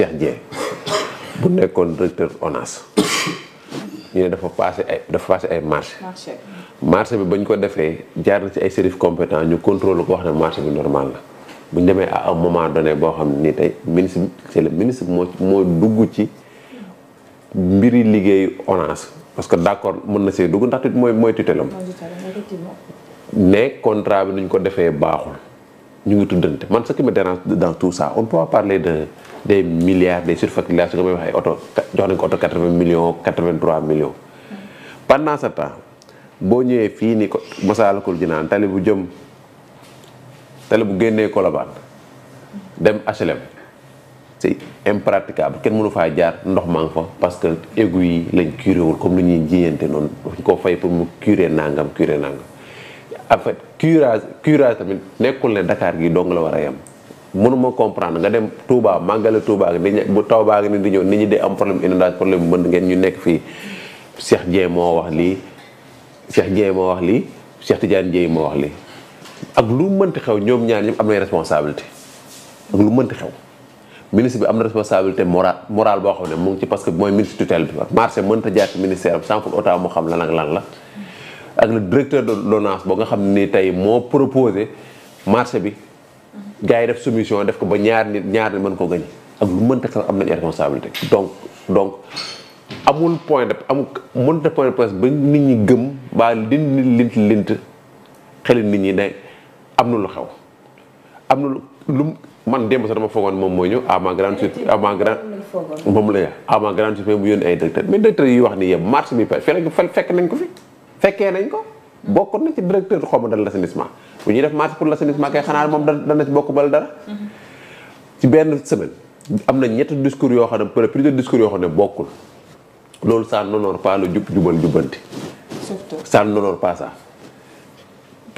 Cheikh Dieng bu nekkoon directeur ONAS ñu dafa passé ay dafa passé ay marché marché bi bañ ko défé jaar na ci ay services compétent ñu contrôle ko wax ne marché bi normal la bu ñu à un moment donné bo xam ni tey ministre c'est le ministre mo mo dugg ci mbiri liggéey ONAS parce que d'accord mën na see dugg ndax tut moy moy tutelam né contrat bi ñu ko défé baaxul Nous ngi tuddante man ce qui me dérange dans tout ça on peut pas parler de des milliards des surfacturations nga may wax ay oto jox 80 millions 83 millions. pendant ce temps boo ñëwee fii ni ko Masaalikul Jinaan tali bu jëm tali bu génnee Colobane dem HLM c'est impraticable Quel mënu fait jaar ndox parce que aiguille yi lañ curé comme ni ñuy jiyante noonu dañ pour mu curer nangam curer nangam. en fait curage curage tamit nekkul ne dakaar gi dong la war a yem mënuma comprendre nga dem tuubaa màggale Touba ak nit bu taw baa ngi ni di ñëw nit ñi di am problème inondation problème bu mën ngeen ñu nekk fii Cheikh Dieng moo wax lii Cheikh Dieng moo wax lii Cheikh Tidiane Dieng moo wax lii ak lu mënti xew ñoom ñaar ñëpp am nañ responsabilité ak lu mënti xew ministre bi am na responsabilité morale boo xam ne mu ngi ci parce que mooy ministre tutelle bi marché mënta jaar ci ministère am sans pour autant mu lan ak ak le directeur de l'ONAS ba nga xam ni tey moo proposé marché bi gaa yi def soumission def ko ba ñaar nit ñaar nit mën ko gañ ak lu mënta xel am nañu responsabilité donc donc amul point de amul mënta point de ba nit ñi gëm ba lint lint lint xeli nit ñi ne am na lu xew am na lu man démb sax dama foogoon moom mooy ñëw à ma grande surprise à ay directeur mais directeur yi wax ni yëpp marché bi fekk nañ ko fi fekkee nañ ko bokkoon na ci directeur xaw ma dal l'assainissement bu ñuy def marche pour l'assainissement kay xanaa moom dana ci bokk bal dara ci benn semaine am na ñetti discours yoo xam ne plusieurs discours yoo xam ne bokkul loolu ça n'honore pas le jubal jubanti surtout ça n'honore pas ça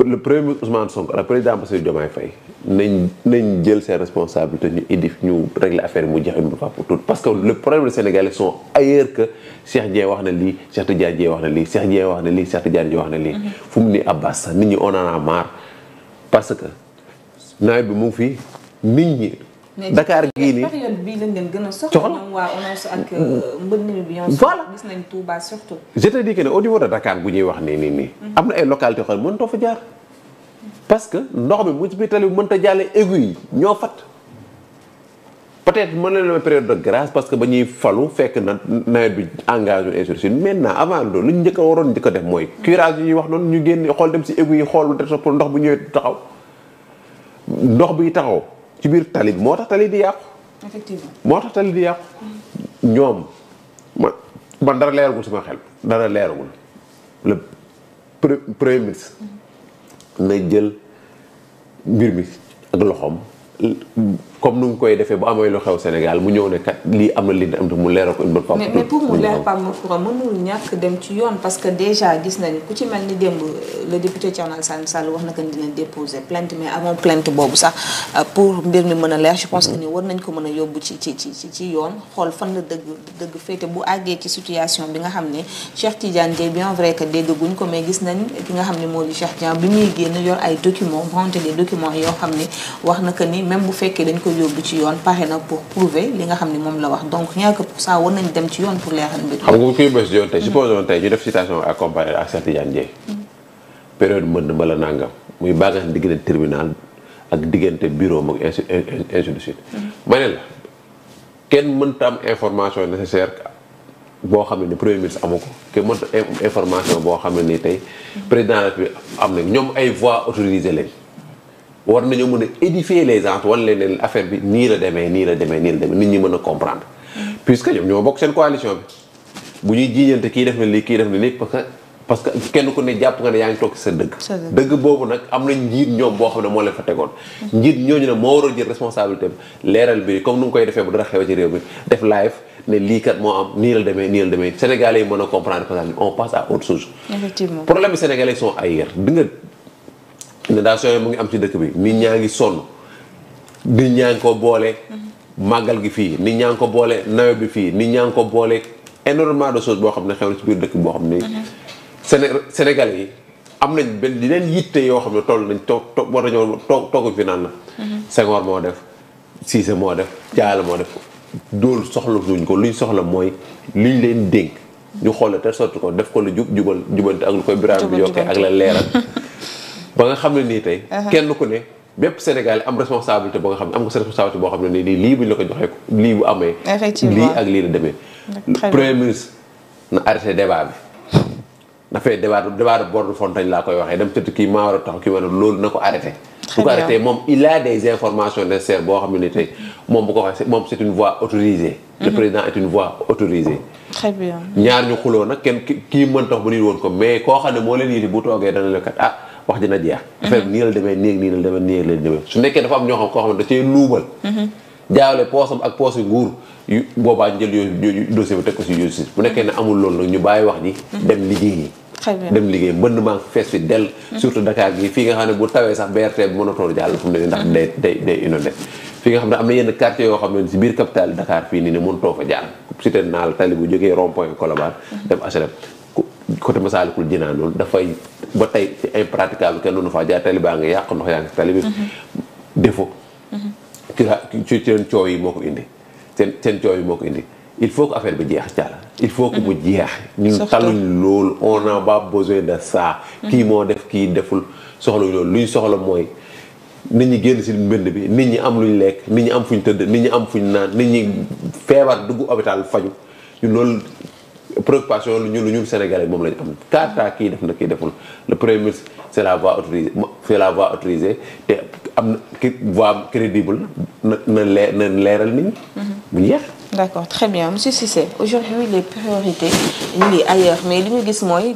le premier ministre Ousmane Sonko ak président Bassirou Diomaye Faye nañ nañ jël ses responsabilités ñu édif ñu régler affaire mu jeex une fois pour toutes parce que le problème des Sénégalais sont ailleurs que Cheikh Ndiaye wax na lii Cheikh Tidiane Ndiaye wax na lii Cheikh Ndiaye wax na lii Cheikh Tidiane Ndiaye wax na lii. Mhm. fu mu ni Abbas sax nit ñi on en a parce que nawet bi mu ngi fi nit ñi. Dakar gii nii période bii lañ leen gën a soxla. ñoom waa ONAS ak mm. euh, mbënd mi bi ñoo soxla gis nañ Touba surtout. je te dis au niveau de Dakar bu ñuy wax nii nii nii. Mm-hmm. am na ay localités yoo xam ne mënutoo fa parce que ndox mi mu ci biir tali bi mënut a jàllee aiguille ñoo fat peut-être mën na la période de grâce parce que ba ñuy falu fekk nawet bi engagé une insurrection maintenant avant loolu lu ñu njëkk a waroon njëkk a mooy curage yi ñuy wax noonu ñu génn xool dem si aiguille xool pour ndox bu ñëwee taxaw ndox bi taxaw. ci biir tali bi moo tax tali di yàqu. effectivement moo tax tali di yàqu. ñoom man man dara leeragul sama xel dara leeragul le premier ministre mm-hmm. na jël mbir mi ak loxoom. comme nu ngi koy defee bu amee lu xew Sénégal mu ñëw ne kat lii am na li am mu leeral ko une bonne mu leer dem ci yoon parce que déjà gis nañu ku ci mel ni démb le député Thierno Alassane Sall wax na que dina déposer plainte mais avant plainte boobu euh, pour mbir mën a leer je pense que war nañ ko mën a yóbbu ci ci ci ci yoon xool fan la dëgg dëgg féete bu àggee ci situation bi nga xam ne Cheikh Tidiane de bien vrai que déggaguñ ko mais gis nañ ki nga xam ne moo di Cheikh Tidiane bi muy génn yor ay documents vanter des documents yoo xam ne wax na ni même bu fekkee dañ ko yóbbu ci yoon paré na pour prouver li nga xamni mom la wax donc rien que pour ça won nañ dem ci yoon pour léxal mbir xam nga bu koy bës yoon tey mm. supposons tey ñu def citation à comparer ak Cheikh Tidiane Dièye mm. période mën mala nangam muy bàggaas diggante tribunal ak diggante bureau ak ainsi ainsi de suite mm. ma kenn mënta am information nécessaire boo xam ne ni premier ministre amu ko kenn mënta information boo xam ne ni tey président de la République am na ñoom ay voix autorisées lañ war nañoo mën a édifier les gens affaire bi nii la demee nii la demee nii la demee nit ñi mën a comprendre. puisque ñoom ñoo bokk seen coalition bi bu ñuy jiiñante kii def na lii kii def na lii parce que kenn ku ne jàpp nga ne yaa ngi toog sa dëgg. dëgg boobu nag am na njiit ñoom boo xam ne moo leen fa tegoon. njiit ñooñu ne moo war a jël responsabilité bi leeral bi comme nu nga koy defee bu dara xew ci réew mi def live ne lii kat moo am nii inondation yi mu ngi am ci dëkk bi nit ñaa ngi sonn nit ñaa ngi ko boole màggal gi fii nit ñaa ngi ko boole nawet bi fii nit ñaa ngi ko boole énormément de choses boo xam ne xew na ci biir dëkk boo xam ne Séné Sénégal yi am nañ benn yeneen yitte yoo xam ne toll nañ toog toog war nañoo toog tooguñ fi naan la Senghor moo def Cissé moo def Diallo moo def doolu soxla suñ ko luñ soxla mooy liñ leen dénk ñu xool la te sotti ko def ko lu jub jubal jubante ak lu koy biraam bi yokkee ak la leeral ba nga xam ne nii tey. kenn ku ne bépp Sénégal am responsabilité ba nga xam ne am nga sa responsabilité boo xam ne nii lii bu la ko joxee lii bu amee. effectivement lii ak lii la demee. premier ministre na arrêté débat bi. fay débat débat bord de fontaine laa koy waxee dem tëdd kii maa war a taxaw kii war a loolu na ko arrêté. bu ko arrêté moom il a des informations nécessaires boo xam ne tey moom bu ko waxee moom c' est une voix autorisée. le mhm. président est une voix autorisée. très bien ñaar ñu xuloo nag kenn kii mën tax ba nit woon ko mais koo xam ne moo leen yéene bu toogee dana la kat ah. wax dina jeex. Mhm. affaire bi nii la demee nii nii la demee nii la demee su nekkee dafa am ñoo xam koo xam da cee luubal. Mhm. jaawale poosam ak poos yu nguur boobaa njël yooyu dossier bi teg ko si justice bu nekkee ne amul loolu nag ñu bàyyi wax ji. Mhm. dem liggéeyi. dem liggéey mbënd maa ngi fees fi dell surtout Dakar gi fii nga xam ne bu tawee sax BRT bi mënatoon jàll fu mu ne ndax day day fi nga xam ne am na yenn quartier yoo xam ne si biir capitale Dakar fii nii ne mënutoo fa jaar cité naal tali bu jógee rond point Colobane dem HLM côté Massalikul Jinaan noonu dafay ba tey ci ay praticable kenn du nu faa jaar tali baa ngi yàq ndox yaa ngi tali bi mhm. défaut mhm. ci seen coow yi moo indi seen seen coow yi moo ko indi il faut que affaire bi jeex càlla il faut que bu mhm. jeex ñu taluñ loolu on a pas besoin de saa kii moo def kii deful soxla soxluñ loolu lu soxla mooy nit ñi génn si mbënd bi nit ñi am luñ lekk nit ñi am fu ñu tëdd nit ñi am ñu naan nit ñi feebar dugg hôpital faju ñun loolu préoccupation nous ñun lu Sénégalais mom la am kaata kii def na kii deful le premier c'est la voie autorisée c'est la voie autorisée té am crédible na na leer nit mhm. d'accord très bien monsieur Cissé aujourd'hui les priorités ñu ailleurs mais li ñu gis mooy